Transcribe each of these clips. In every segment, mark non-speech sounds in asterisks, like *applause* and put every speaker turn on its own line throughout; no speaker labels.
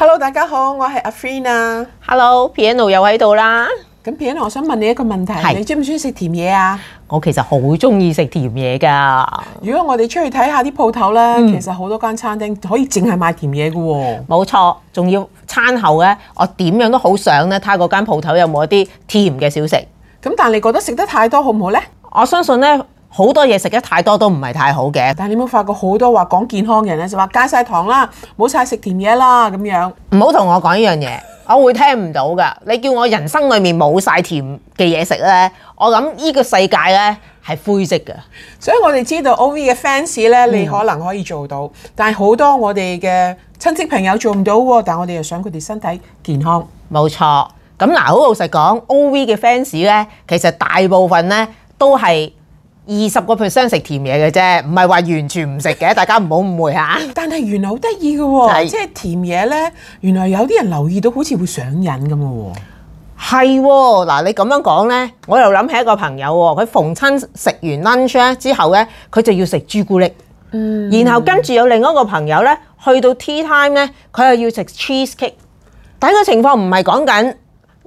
Hello，大家好，我係阿 Fina。Hello，Piano 又喺度啦。咁 Piano，我想問你一個問題，是你中唔中意食甜嘢啊？我其實好中意食甜嘢噶。如果我哋出去睇下啲鋪頭咧，嗯、其實好多間餐廳可以淨係賣甜嘢噶。冇錯，
仲要餐後咧，我點樣都好想咧，睇下嗰間鋪頭有冇一啲甜嘅小食。
咁但係你覺得食得太多好唔好咧？我相信咧。好多嘢食得太多都唔係太好嘅，但係你有冇發覺好多話講健康嘅人咧，就話戒晒糖啦，冇晒食甜嘢啦咁樣。唔好同我講呢樣嘢，我會聽唔到噶。你叫我人生裡面冇晒甜嘅嘢食咧，我諗呢個世界咧係灰色嘅。所以我哋知道 OV 嘅 fans 咧，你可能可以做到，嗯、但係好多我哋嘅親戚朋友做唔到喎。但係我哋又想佢哋身體
健康。冇錯。咁嗱，好老實講，OV 嘅 fans 咧，其實大部分咧都係。二十個 percent 食甜嘢嘅啫，唔係話
完全唔食嘅，大家唔好誤會吓。 *laughs* 但係原來好得意嘅喎，是即係甜嘢咧，原來有啲人留意到好似會上癮咁嘅喎。係喎，嗱你咁樣
講咧，我又諗起一個朋友喎，佢逢親食完 lunch 咧之後咧，佢就要食朱古力。嗯。然後跟住有另一個朋友咧，去到 tea time 咧，佢又要食 cheese cake。但係個情況唔係講緊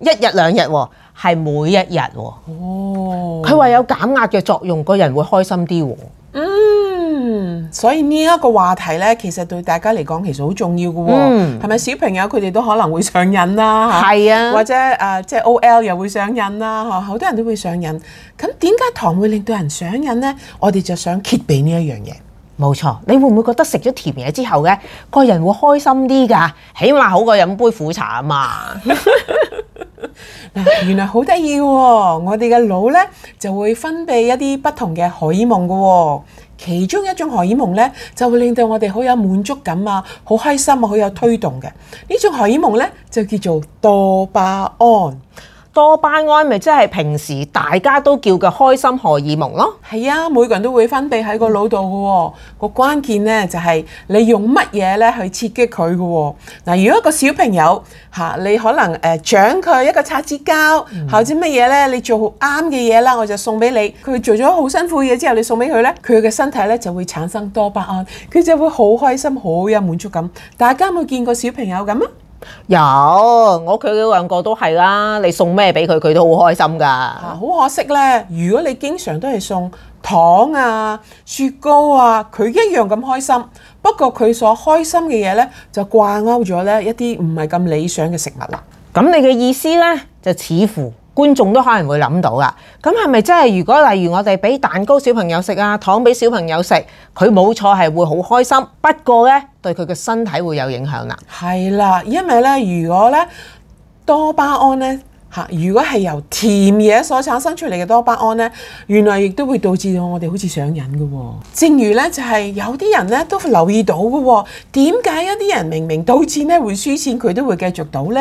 一日兩日喎。係每一日
喎、哦，佢話、哦、有減壓嘅作用，個人會開心啲喎、哦。嗯，所以呢一個話題呢，其實對大家嚟講其實好重要嘅喎、哦。係咪、嗯、小朋友佢哋都可能會上癮啦？係啊，啊或者誒、呃、即係 OL 又會上癮啦、啊，好多人都會上癮。咁點解糖會令到人上癮呢？我哋就想揭秘呢一樣嘢。冇錯，你會唔會覺得食咗甜嘢之後呢，個人會開心啲㗎？起碼好過飲杯苦茶啊嘛！ *laughs* *laughs* 原來好得意喎，我哋嘅腦呢就會分泌一啲不同嘅荷爾蒙嘅喎，其中一種荷爾蒙呢，就會令到我哋好有滿足感啊，好開心啊，好有推動嘅。呢種荷爾蒙呢，就叫做多巴胺。多巴胺咪即係平時大家都叫嘅開心荷爾蒙咯，係啊，每個人都會分泌喺個腦度嘅喎。個關鍵咧就係、是、你用乜嘢呢去刺激佢嘅喎。嗱，如果一個小朋友嚇、啊、你可能誒獎佢一個擦紙膠，嗯、或者乜嘢呢，你做啱嘅嘢啦，我就送俾你。佢做咗好辛苦嘅嘢之後，你送俾佢呢，佢嘅身體呢就會產生多巴胺，佢就會好開心，好有滿足感。大家有冇見過小朋友咁啊？
有，我屋企嗰兩個都係啦，你送咩俾佢，佢都好開心㗎。
好可惜咧，如果你經常都係送糖啊、雪糕啊，佢一樣咁開心。不過佢所開心嘅嘢咧，就掛鈎咗咧一啲唔係咁理想嘅食物啦。咁你嘅意思咧，就似乎。觀眾都可能會
諗到㗎，咁係咪真係？如果例如我哋俾蛋糕小朋友食啊，糖俾小朋友食，
佢冇錯係會好開心，不過呢
對佢嘅身體會有影響啦。
係啦，因為呢，如果呢多巴胺呢。嚇！如果係由甜嘢所產生出嚟嘅多巴胺呢，原來亦都會導致到我哋好似上癮嘅、哦。正如呢，就係、是、有啲人呢都會留意到嘅、哦，點解一啲人明明賭錢呢會輸錢，佢都會繼續賭呢？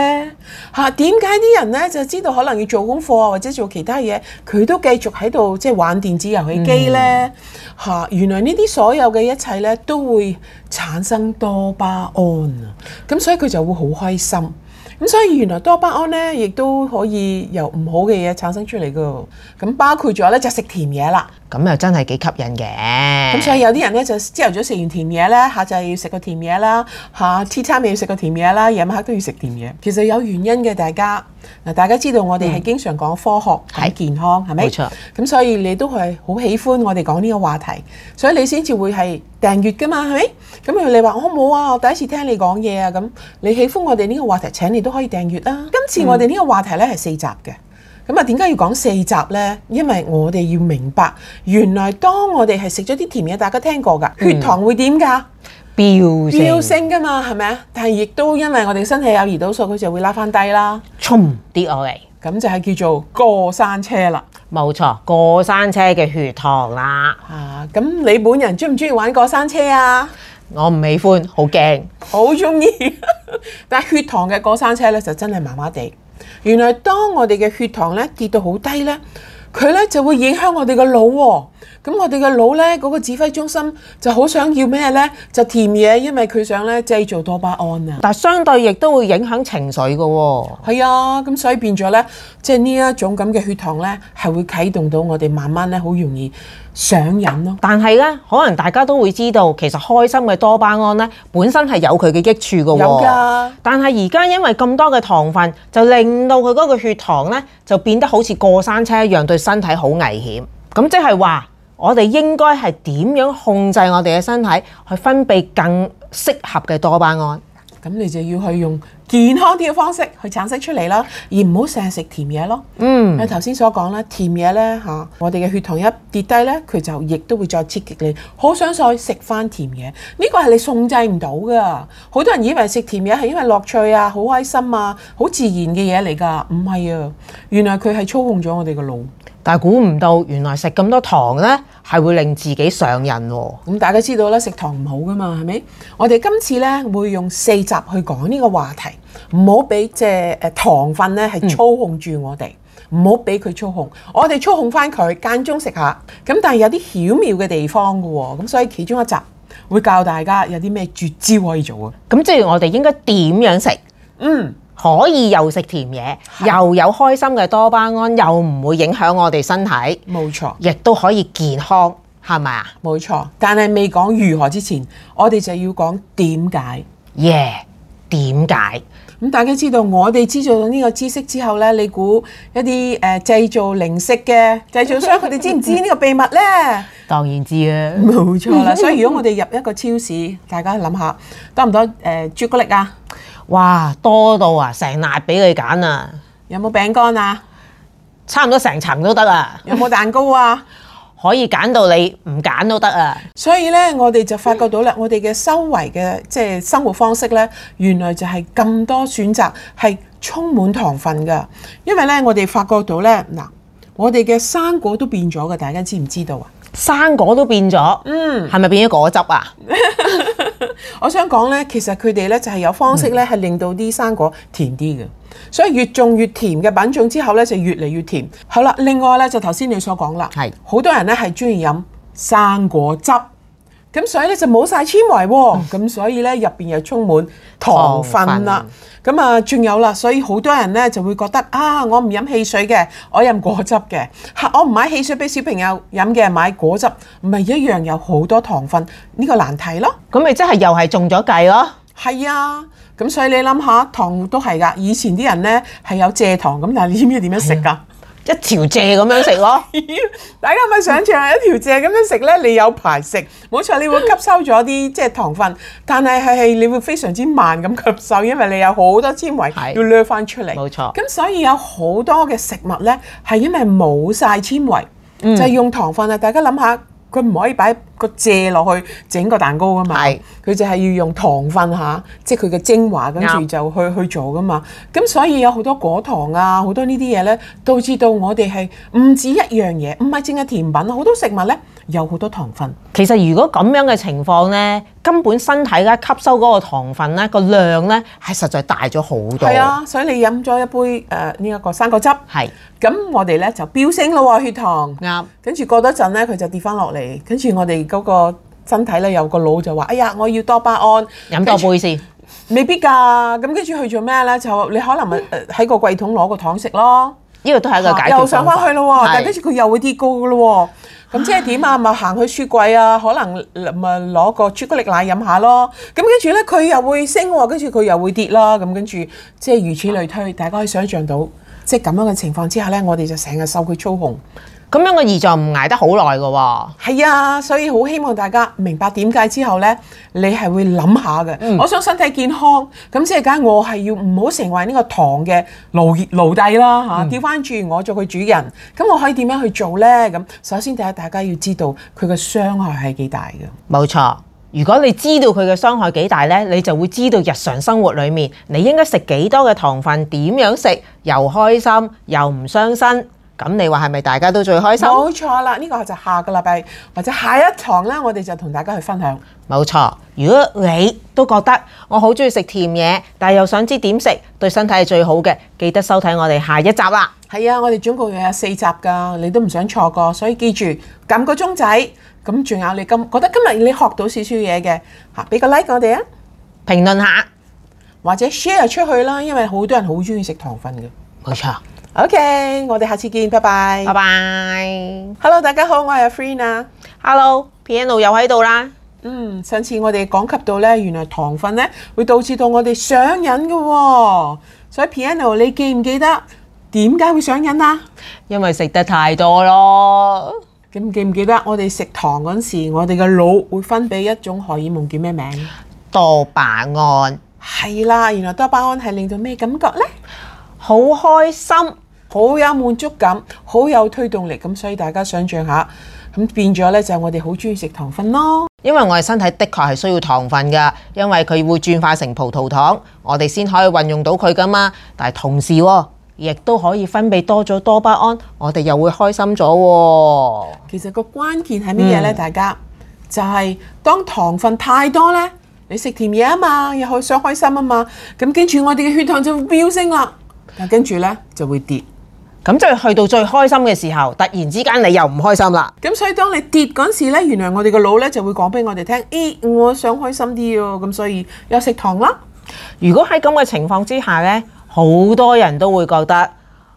嚇、啊！點解啲人呢就知道可能要做功課啊，或者做其他嘢，佢都繼續喺度即係玩電子遊戲機呢？嚇、嗯啊！原來呢啲所有嘅一切呢，都會產生多巴胺啊！咁、嗯、所以佢就會好開心。咁所以原來多巴胺咧，亦都可以由唔好嘅嘢產生出嚟噶。咁包括咗咧，就食甜嘢啦。咁
又真係幾吸引嘅。咁所以
有啲人咧，就朝頭早食完甜嘢咧，下晝要食個甜嘢啦，嚇 tea time 要食個甜嘢啦，夜晚黑都要食甜嘢。其實有原因嘅，大家嗱，大家知道我哋係經常講科學、睇健康，係咪、嗯？冇錯。咁所以你都係好喜歡我哋講呢個話題，所以你先至會係。訂閱噶嘛，係咪？咁如你話好冇啊，我第一次聽你講嘢啊，咁你喜歡我哋呢個話題，請你都可以訂閱啦，啊。今次我哋呢個話題呢係四集嘅，咁啊點解要講四集呢？因為我哋要明白，原來當我哋係食咗啲甜嘢，大家聽過噶，血糖會點噶？飆升噶嘛，係咪啊？但係亦都因為我哋身體有胰島素，佢就會拉翻低啦，衝跌落嚟。咁就係叫做過山車啦，冇錯，過山車嘅血糖啦。啊，咁你本人中唔中意玩過山車啊？我唔喜歡，好驚，好中意。但係血糖嘅過山車呢，就真係麻麻地。原來當我哋嘅血糖呢跌到好低呢。佢咧就會影響我哋嘅腦喎，咁我哋嘅腦咧嗰個指揮中心就好想要咩咧？就甜嘢，因為佢想咧製造多巴胺啊！但相對亦都會影響情緒嘅喎。係啊，咁所以變咗咧，即係呢一種咁嘅血糖咧，係會啟動到我哋慢慢咧，好容易上癮咯，啊、但係咧，可能大家
都會知道，其實開心嘅多巴胺咧，本身係有佢嘅益處嘅，哦。有㗎、啊。但係而家因為咁多嘅糖分，就令到佢嗰個血糖咧，就變得好似過山車一樣，對身體好危險。咁即係話，我哋應該係點樣控制我哋嘅身體去分泌更適合嘅多巴胺？
咁你就要去用健康啲嘅方式去產生出嚟啦，而唔好成日食甜嘢咯。嗯，我頭先所講啦，甜嘢咧嚇，我哋嘅血糖一跌低咧，佢就亦都會再刺激你，好想再食返甜嘢。呢個係你控制唔到㗎。好多人以為食甜嘢係因為樂趣啊，好開心啊，好自然嘅嘢嚟㗎，唔係啊，原來佢係操控咗我哋個腦。但估唔到，原來食咁多糖呢係會令自己上癮喎、哦。咁大家知道啦，食糖唔好噶嘛，係咪？我哋今次呢會用四集去講呢個話題，唔好俾即係糖分呢係操控住我哋，唔好俾佢操控，我哋操控翻佢間中食下。咁但係有啲巧妙嘅地方嘅喎、哦，咁所以其中一集會教大家有啲咩絕招可以做啊。
咁、嗯、即係我哋應該點樣食？嗯。可以又食甜嘢，是的 又有開心嘅多巴胺，又唔會影
響我哋身體，冇沒錯，亦都可以健康，係咪啊？冇錯，但係未講如何之前，我哋就要講點解，
耶點解？咁
大家知道我哋知道咗呢個知識之後呢，你估一啲誒製造零食嘅製造商，佢哋 *laughs* 知唔知呢個秘密呢？
*laughs* 當然知啊，冇錯啦。所以如果
我哋入一個超市，大家諗下，多唔多誒朱古力啊？哇，多到啊，成列俾佢揀啊！有冇餅乾啊？差唔多成層都得啊！有冇蛋糕啊？可以揀到你唔揀都得啊！所以呢，我哋就發覺到啦，嗯、我哋嘅周圍嘅即係生活方式呢，原來就係咁多選擇，係充滿糖分㗎。因為呢，我哋發覺到呢，嗱，我哋嘅生果都變咗嘅，大家知唔知道啊？生果都變咗，嗯，係咪變咗果汁啊？ *laughs* *laughs* 我想講呢，其實佢哋呢就係有方式呢，係令到啲生果甜啲嘅。嗯、所以越種越甜嘅品種之後呢，就越嚟越甜。好啦，另外呢，就頭先你所講啦，係好的多人呢係中意飲生果汁。咁所以咧就冇晒纖維喎，咁 *laughs* 所以咧入邊又充滿糖分啦，咁啊仲有啦，所以好多人咧就會覺得啊，我唔飲汽水嘅，我飲果汁嘅，嚇、啊、我唔買汽水俾小朋友飲嘅，買果汁，唔係一樣有好多糖分呢？呢個難題咯，咁咪真係又係中咗計咯，係啊，咁所以你諗下糖都係噶，以前啲人咧係有蔗糖咁，但係你知唔知點樣食噶？一條蔗咁樣食咯， *laughs* 大家有冇想象係一條蔗咁樣食咧？你有排食，冇錯，你會吸收咗啲即係糖分，但係係你會非常之慢咁吸收，因為你有好多纖維要掠翻出嚟。冇錯，咁所以有好多嘅食物咧，係因為冇晒纖維，嗯、就係用糖分啊！大家諗下。佢唔可以擺個蔗落去整個蛋糕噶嘛，佢是就係要用糖分下、啊，即係佢嘅精華，跟住就去 Yeah. 去做噶嘛。咁所以有好多果糖啊，好多呢啲嘢咧，導致到我哋係唔止一樣嘢，唔係淨係甜品，好多食物咧。有好多糖分。
其實如果咁樣嘅情況呢，根本身體咧吸收嗰個糖分呢個量呢係實在大咗好多。係啊，
所以你飲咗一杯誒呢一個生果汁，係咁我哋呢就飆升咯喎血糖。啱。跟住過多陣呢，佢就跌翻落嚟。跟住我哋嗰個身體呢，有個腦就話：哎呀，我要多巴胺。飲多杯先。未必㗎。咁跟住去做咩呢？就你可能誒喺個櫃桶攞個糖食咯。呢個都係一個解決方法。又上翻去咯喎，是但係跟住佢又會跌高嘅咯喎。咁是即係點啊？咪行去雪櫃啊，可能咪攞個朱古力奶飲下咯。咁跟住咧，佢又會升，跟住佢又會跌啦。咁跟住即係如此類推，大家可以想象到，即係咁樣嘅情況之下咧，我哋就成日受佢操控。咁樣嘅二載唔捱得好耐嘅喎，係啊，所以好希望大家明白點解之後呢，你係會諗下嘅。嗯、我想身體健康，咁即係梗係我係要唔好成為呢個糖嘅奴奴隸啦嚇，調翻轉我做佢主人。咁我可以點樣去做呢？咁首先第一，大家要知道佢嘅傷害係幾大嘅。冇
錯，如果你知道佢嘅傷害幾大呢，你就會知道日常生活裡面你應該食幾多嘅糖分，點樣食又開心又唔傷身。咁你話係咪大家都最開心？冇
錯啦，呢個就下個禮拜或者下一堂啦，我哋就同大家去分享。
冇錯，如果你都覺得我好中意食甜嘢，但係又想知點食對身體係最好嘅，記得收睇我哋下一集啦。
係啊，我哋總共有四集噶你都唔想錯過，所以記住撳個鐘仔，咁仲有你今覺得今日你學到少少嘢嘅，吓，俾個 like 我哋啊，評論下或者 share 出去啦，因為好多人好中意食糖分嘅。冇錯。O、okay, K，我哋下次見，拜拜，拜拜。Hello，大家好，我係阿 Frina 啊。Hello，Piano 又喺度啦。嗯，上次我哋講及到咧，原來糖分咧會導致到我哋上癮嘅，所以 Piano 你記唔記得點解會上癮啊？因為食得太多咯。記唔記唔記得我哋食糖嗰陣時，我哋嘅腦會分泌一種荷爾蒙叫，叫咩名？多巴胺。係啦，原來多巴胺係令到咩感覺咧？好開心。好有滿足感，好有推動力咁，所以大家想像下，咁變咗呢，就係我哋好中意食糖分咯。因為
我哋身體的確係需要糖分噶，因為佢會轉化成葡萄糖，我哋先可以運用到佢噶嘛。但係同時、哦，亦都可以分泌多咗多巴胺，我哋又會
開心咗、
哦。
其實個關鍵係乜嘢呢？嗯、大家就係、是、當糖分太多呢，你食甜嘢啊嘛，又想開心啊嘛，咁跟住我哋嘅血糖就會飆升啦，但跟住呢，就會跌。咁就去到最開心嘅時候，突然之間你又唔開心啦。咁所以當你跌嗰陣時呢，原來我哋個腦呢就會講俾我哋聽，咦、哎，我想開心啲哦。咁所以有食糖啦。如果喺咁嘅情況
之下呢，好多人都會覺得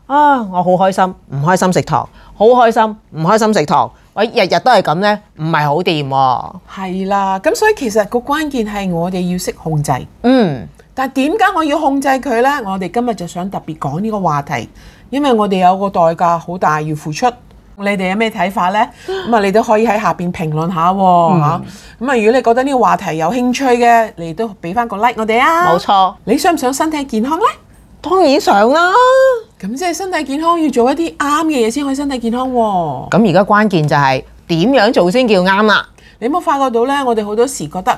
啊，我好開心，唔開心食糖，好開心，唔開心食糖。喂，日日都係咁呢，唔係好掂喎。
係啦，咁所以其實個關鍵係我哋要識控制。嗯。但係點解我要控制佢呢？我哋今日就想特別講呢個話題，因為我哋有個代價好大要付出。你哋有咩睇法呢？咁啊，你都可以喺下邊評論下嚇。咁、嗯、啊，如果你覺得呢個話題有興趣嘅，你都俾翻個 like 我哋啊。冇錯，你想唔想身體健康呢？當然想啦。咁即係身體健康要做一啲啱嘅嘢先可以身體健康，啊。咁而家關鍵就係、係，點樣做先叫啱啦，啊？你有冇發覺到呢？我哋好多時覺得。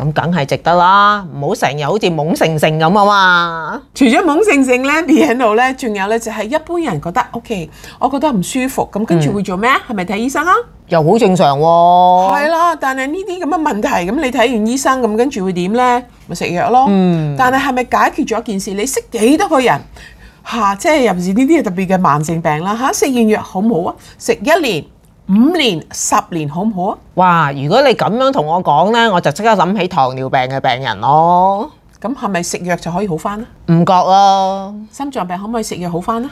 咁梗係值得啦，唔好成日好似懵盛盛咁啊嘛！除咗懵盛盛咧，跌喺度咧，仲有咧就係一般人覺得，OK，我覺得唔舒服，咁跟住會做咩？係咪睇醫生啊？
又好正常喎。係啦，
但係呢啲咁嘅問題，咁你睇完醫生，咁跟住會點咧？咪食藥咯。嗯。但係係咪解決咗一件事？你識幾多個人吓、啊？即係尤其是呢啲特別嘅慢性病啦吓，食完藥好唔好啊？食一年。五年、十年好唔好啊？
哇！如果你咁樣同我講呢，我就即刻
諗起糖尿病嘅病人咯。咁係咪食藥就可以好翻咧？唔覺咯。心臟病可唔可以食藥好翻咧？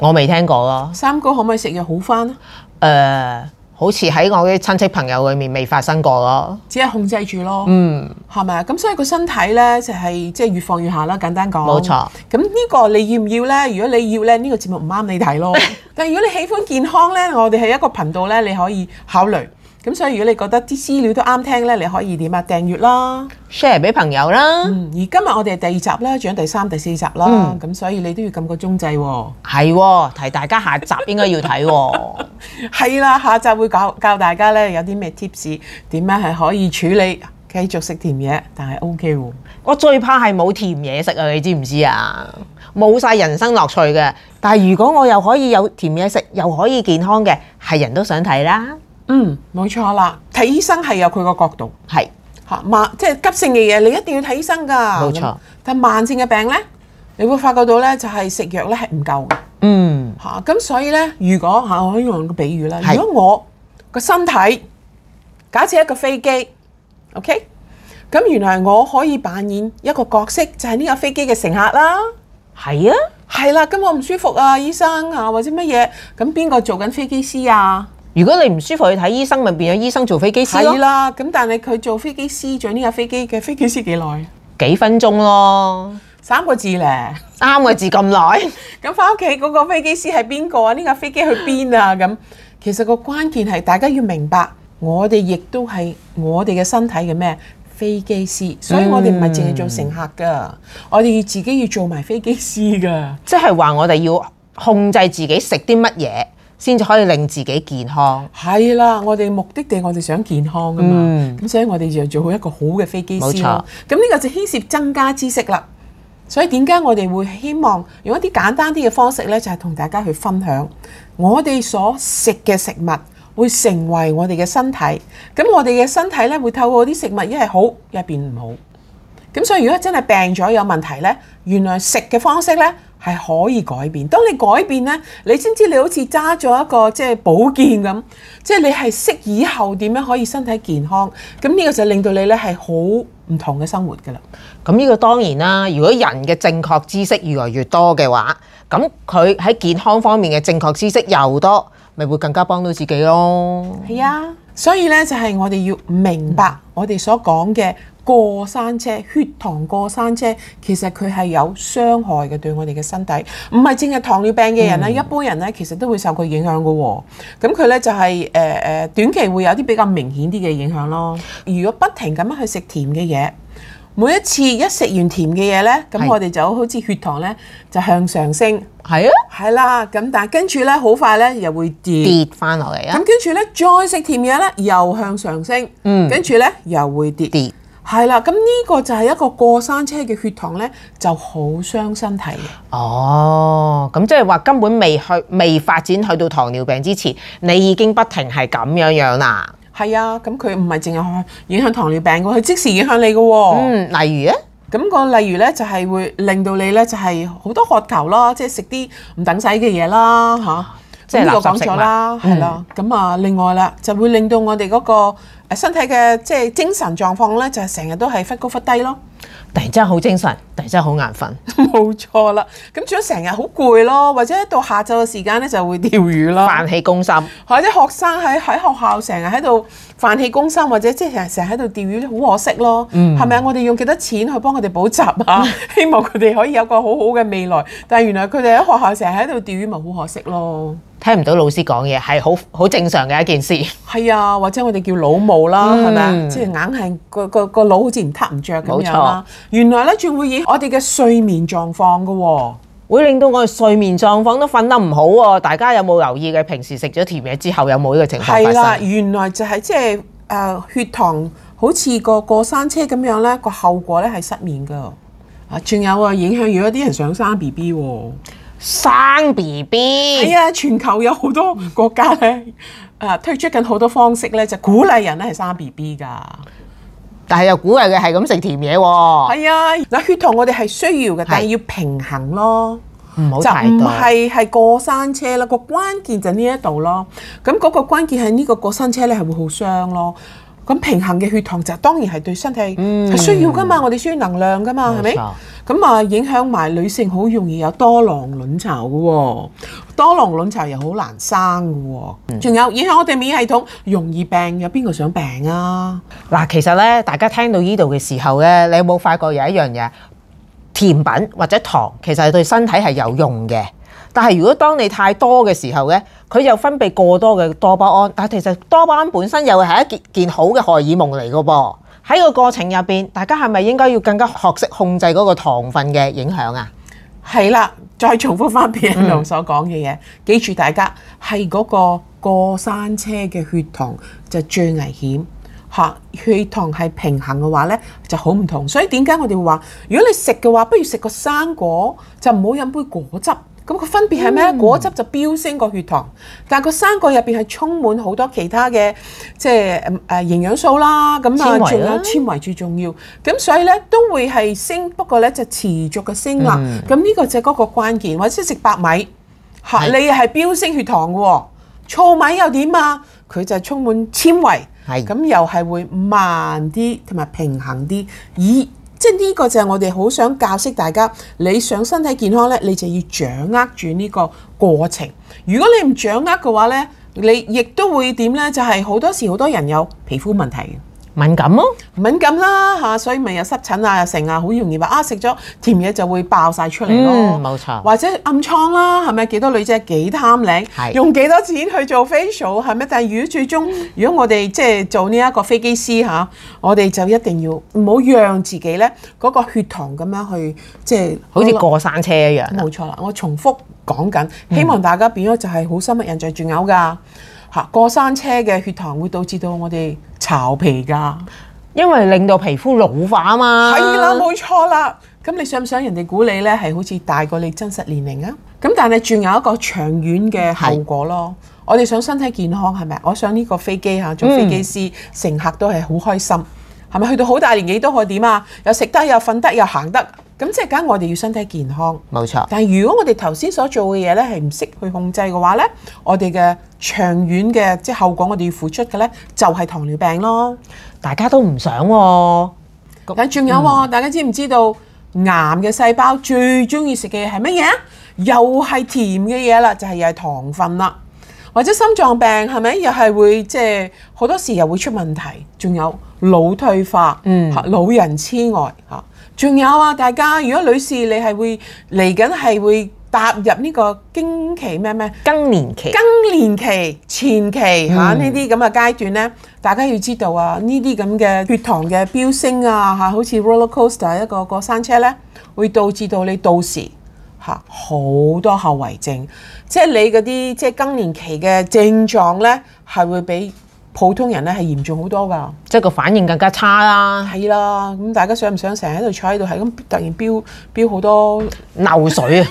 我未聽過咯。三高可唔可以食藥好翻咧？
誒、呃。好似喺我啲親戚朋友裏面未發生過咯，
只係控制住咯，嗯，係咪啊？咁所以個身體咧就係即係越放越下啦，簡單講，冇錯。咁呢個你要唔要咧？如果你要咧，呢、呢個節目唔啱你睇咯。 *laughs* 但係如果你喜歡健康咧，我哋係一個頻道咧，你可以考慮。咁所以如果你覺得啲資料都啱聽咧，你可以點啊？訂閱啦，share 俾朋友啦。嗯，而今日我哋第二集咧，仲有第三、第四集啦。嗯，咁所以你都要撳個鐘掣喎。係喎，提大家下集應該要睇喎，啊。係啦， *laughs* 下集會教教大家咧，有啲咩 tips，點樣係可以處理繼續食甜嘢，但係 OK 喎。我最怕係冇甜嘢食啊！你知唔知啊？
冇晒人生樂趣嘅。但係如果我又可以有甜嘢食，又可以健康嘅，
係人都想睇啦。嗯，冇錯啦，睇醫生係有佢個角度，係吓是慢，即係急性嘅嘢，你一定要睇醫生噶。冇錯錯，但慢性嘅病呢，你會發覺到呢就係食藥呢係唔夠嘅。嗯，吓咁、嗯、所以呢，如果吓我可以用一個比喻啦，是如果我個身體假設一個飛機，OK，咁原來我可以扮演一個角色，就係、是、呢個飛機嘅乘客啦。係啊，係啦，咁我唔舒服啊，醫生啊，或者乜嘢？咁邊個做緊飛機師啊？如果你唔舒服去睇醫生，咪變咗醫生做飛機師啦，咁但係佢做飛機師，做呢架飛機嘅飛機師幾耐？幾分鐘咯，三個字咧，三個字咁耐。咁翻屋企嗰個飛機師係邊個啊？呢架飛機去邊啊？咁其實個關鍵係大家要明白，我哋亦都係我哋嘅身體嘅咩飛機師，所以我哋唔係淨係做乘客噶，嗯、我哋要自己要做埋飛機師噶。
即係話我哋要控制自己食啲乜嘢。先至可以令自
己健康，係啦。我哋目的地，我哋想健康㗎嘛。咁、嗯、所以我哋就做好一個好嘅飛機師咯。咁呢錯個就牽涉增加知識啦。所以點解我哋會希望用一啲簡單啲嘅方式呢？就係、是、同大家去分享。我哋所食嘅食物會成為我哋嘅身體。咁我哋嘅身體呢，會透過啲食物一係好，一係變唔好。咁所以如果真係病咗有問題呢，原來食嘅方式呢。係可以改變，當你改變呢，你先知，知你好似揸咗一個即係保健咁，即係你係識以後點樣可以身體健康，咁呢個就令到你咧係好唔同嘅生活㗎喇。咁呢個當然啦，如果人嘅正確知識
越嚟越多嘅話，咁佢喺健康方面嘅正確知識又多。咪會更加
幫到自己咯。係啊，所以呢，就係我哋要明白我哋所講嘅過山車、血糖過山車，其實佢係有傷害嘅對我哋嘅身體。唔係淨係糖尿病嘅人呢，嗯、一般人呢，其實都會受佢影響嘅。咁佢呢，就係誒誒短期會有啲比較明顯啲嘅影響咯。如果不停咁樣去食甜嘅嘢。每一次一食完甜嘅嘢呢，咁我哋就好似血糖呢，就向上升，係啊的，係啦。咁但係跟住呢，好快呢，又會跌翻落嚟啊。咁跟住呢，再食甜嘢呢，又向上升，嗯，跟住呢，又會跌跌，係啦。咁呢個就係一個過山車嘅血糖呢，就好傷身體。哦，
咁即係話根本未去未發展去到糖尿病之前，你已經不停係咁樣樣啦。
係啊，咁佢唔係淨係影響糖尿病嘅，佢即時影響你嘅。嗯，例如咧，咁個例如咧就係會令到你咧就係好多渴求咯，即係食啲唔等使嘅嘢啦，嚇、
啊，即係垃圾食物。嗯，
咁啊，另外啦，就會令到我哋嗰個身體嘅即係精神狀況咧，就係成日都係忽高忽低咯。突然真係好精神，突然真係好眼瞓，冇錯啦。咁除咗成日好攰咯，或者到下晝嘅時間咧就會釣魚啦，泛起攻心，心。或者學生喺喺學校成日喺度泛起攻心，或者即係成日成日喺度釣魚，好可惜咯。係咪啊？是是我哋用幾多錢去幫佢哋補習啊？ *laughs* 希望佢哋可以有個好好嘅未來。但係原來佢哋喺學校成日喺度釣魚，咪、就、好、是、可惜
咯。聽唔到老師講嘢係好好正常嘅一件事。
係啊，或者我哋叫腦霧啦，係咪啊？即係硬係個、那個、那個腦好似唔撻唔着咁樣啦。原來咧仲會影響我哋嘅睡眠狀況噶、哦，
會令到我哋睡眠狀況都瞓得唔好喎、哦。大家有冇留意嘅？平時食咗甜嘢之後有冇呢個情況？係啦，
原來就係即係誒，血糖好似個過山車咁樣咧，個後果咧係失眠噶。啊，仲有啊，影響咗啲人想生 B B，、哦、生 B B。係啊、哎，全球有好多國家咧，誒、呃、推出緊好多方式咧，就鼓勵人咧係生 B B 噶。但係又估計佢係咁食甜嘢喎，係啊，嗱、啊、血糖我哋係需要嘅，是但係要平衡咯，唔好太多，就唔係係過山車啦。關那個關鍵就呢一度咯，咁嗰個關鍵係呢個過山車咧係會好傷咯。咁平衡嘅血糖就當然係對身體係需要噶嘛，嗯、我哋需要能量噶嘛，係咪咁啊？錯影響埋女性好容易有多囊卵巢噶，多囊卵巢又好難生噶，仲、嗯、有影響我哋免疫系統，容易病。有邊個想病啊？嗱，其實咧，大家
聽到呢度嘅時候咧，你有冇發覺有一樣嘢，甜品或者糖，其實對身體係有用嘅。但係如果當你太多嘅時候呢，佢又分泌過多嘅多巴胺。但係其實多巴胺本身又係一件件好嘅荷爾蒙嚟嘅噃。喺個過程入邊，大家係咪應該要更加學識控制嗰個糖分嘅影響啊？係
啦，再重複翻李恩龍所講嘅嘢，嗯、記住大家係嗰個過山車嘅血糖就最危險嚇。血糖係平衡嘅話呢就好唔同。所以點解我哋會話，如果你食嘅話，不如食個生果，就唔好飲杯果汁。咁個分別係咩？嗯、果汁就飆升個血糖，但個生果入邊係充滿好多其他嘅，即係誒、呃、營養素啦。咁啊，仲、啊、有纖維最重要。咁所以咧都會係升，不過咧就是、持續嘅升啦。咁呢、嗯、個就係嗰個關鍵。或者食白米嚇，是你係飆升血糖嘅喎。糙米又點啊？佢就充滿纖維，係咁是又係會慢啲同埋平衡啲。以即係呢個就係我哋好想教識大家，你想身體健康呢，你就要掌握住呢個過程。如果你唔掌握嘅話呢，你亦都會點呢？就係、是、好多時好多人有皮膚問題。敏感咯、啊，敏感啦、啊、嚇，所以咪又濕疹啊、成啊，好容易話啊食咗甜嘢就會爆晒出嚟咯，冇、嗯、錯。或者暗瘡啦、啊，係咪幾多女仔幾貪靚，是用幾多錢去做 facial 係咪？但係如果最終，如果我哋即係做呢一個飛機師嚇、啊，我哋就一定要唔好讓自己咧嗰個血糖咁樣去即係、就是嗯，好似過山車一樣。冇、嗯嗯、錯啦，我重複講緊，希望大家變咗就係好深嘅印象轉嘔噶。著著啊、過山車嘅血糖會導致到我哋巢皮噶，因為令到皮膚老化啊嘛。係啦，冇錯啦。咁你想唔想，人哋估你呢？係好似大過你真實年齡啊？咁但係仲有一個長遠嘅後果咯。是我哋想身體健康係咪？我想呢個飛機吓做飛機師，嗯、乘客都係好開心，係咪？去到好大年紀都可以點啊？又食得，又瞓得，又行得。咁即係，梗係我哋要身體健康，冇錯。但係如果我哋頭先所做嘅嘢呢，係唔識去控制嘅話呢，我哋嘅長遠嘅即係後果，我哋要付出嘅呢，就係糖尿病咯。大家都唔想喎、啊。嗱，仲有喎，大家知唔知道癌嘅細胞最中意食嘅係乜嘢？又係甜嘅嘢啦，就係又係糖分啦，或者心臟病係咪？又係會即係好多時又會出問題。仲有腦退化，嗯，老人痴呆嚇。仲有啊，大家，如果女士你係會嚟緊係會踏入呢個經期咩咩？更年期、更年期前期嚇呢啲咁嘅階段呢，大家要知道啊，呢啲咁嘅血糖嘅飆升啊嚇、啊，好似 roller coaster 一個過山車呢，會導致到你到時嚇好、啊、多後遺症，即係你嗰啲即係更年期嘅症狀呢，係會俾。普通人咧係嚴重好多㗎，即係個反應更加差啦。係啦，咁大家想唔想成日喺度坐喺度，係咁突然飆飆好多漏水
啊？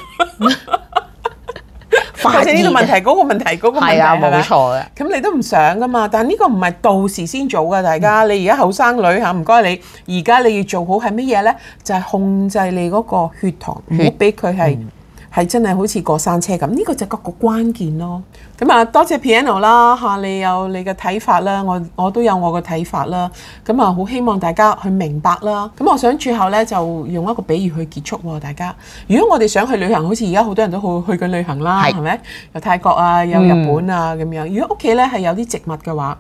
反正呢個問題、
嗰、那個問題、嗰個問題，係啊吧，冇錯嘅。咁你都唔想㗎嘛？但係呢個唔係到時先做㗎，大家，嗯、你而家後生女嚇，唔該你，而家你要做好係乜嘢咧？就係、是、控制你嗰個血糖，唔好俾佢係。嗯係真係好似過山車咁，呢、這個就係個關鍵咯。咁啊，多謝 piano 啦嚇，你有你嘅睇法啦，我我都有我嘅睇法啦。咁啊，好希望大家去明白啦。咁我想最後呢，就用一個比喻去結束喎，大家。如果我哋想去旅行，好似而家好多人都好去緊旅行啦，係咪是？有泰國啊，有日本啊咁、嗯、樣。如果屋企呢，係有啲植物嘅話，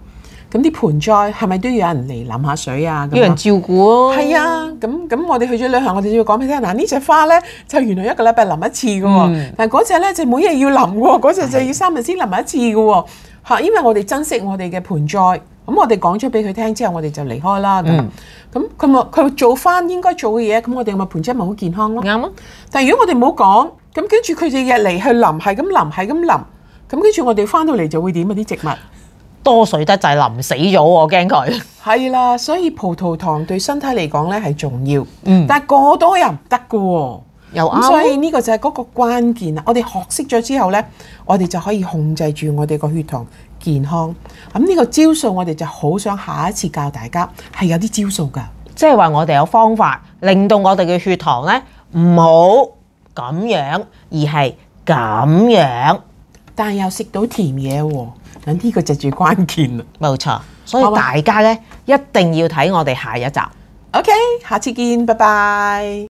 咁啲盆栽係咪都要有人嚟淋下水啊？有人照顧。係啊，咁咁我哋去咗旅行，我哋要講俾你聽。嗱，呢隻花咧，就原來一個禮拜淋一次噶，但係嗰隻咧就每日要淋，嗰隻就要三日先淋一次噶。吓，因為我哋珍惜我哋嘅盆栽，咁我哋講咗俾佢聽之後，我哋就離開啦。咁，咁佢咪佢做翻應該做嘅嘢，咁我哋咪盆栽咪好健康咯。啱啊！但係如果我哋冇講，咁跟住佢哋日嚟去淋，係咁淋，係咁淋，咁跟住我哋翻到嚟就會點啊啲植物？
多水得滯淋死咗，我驚佢。
係啦，所以葡萄糖對身體嚟講咧係重要，嗯、但係過多又唔得噶喎。又啱、嗯，所以呢個就係嗰個關鍵啊！我哋學識咗之後咧，我哋就可以控制住我哋個血糖健康。咁、嗯、呢、這個招數我哋就好想下一次教大家，係有啲招數㗎。即係話我哋有方法
令到我哋嘅血糖咧唔好咁樣，而係咁樣，但係又食到甜嘢喎、啊。咁呢個就最關鍵啦，冇錯，所以大家咧，一定要睇我哋下一集。
OK，下次見，拜拜。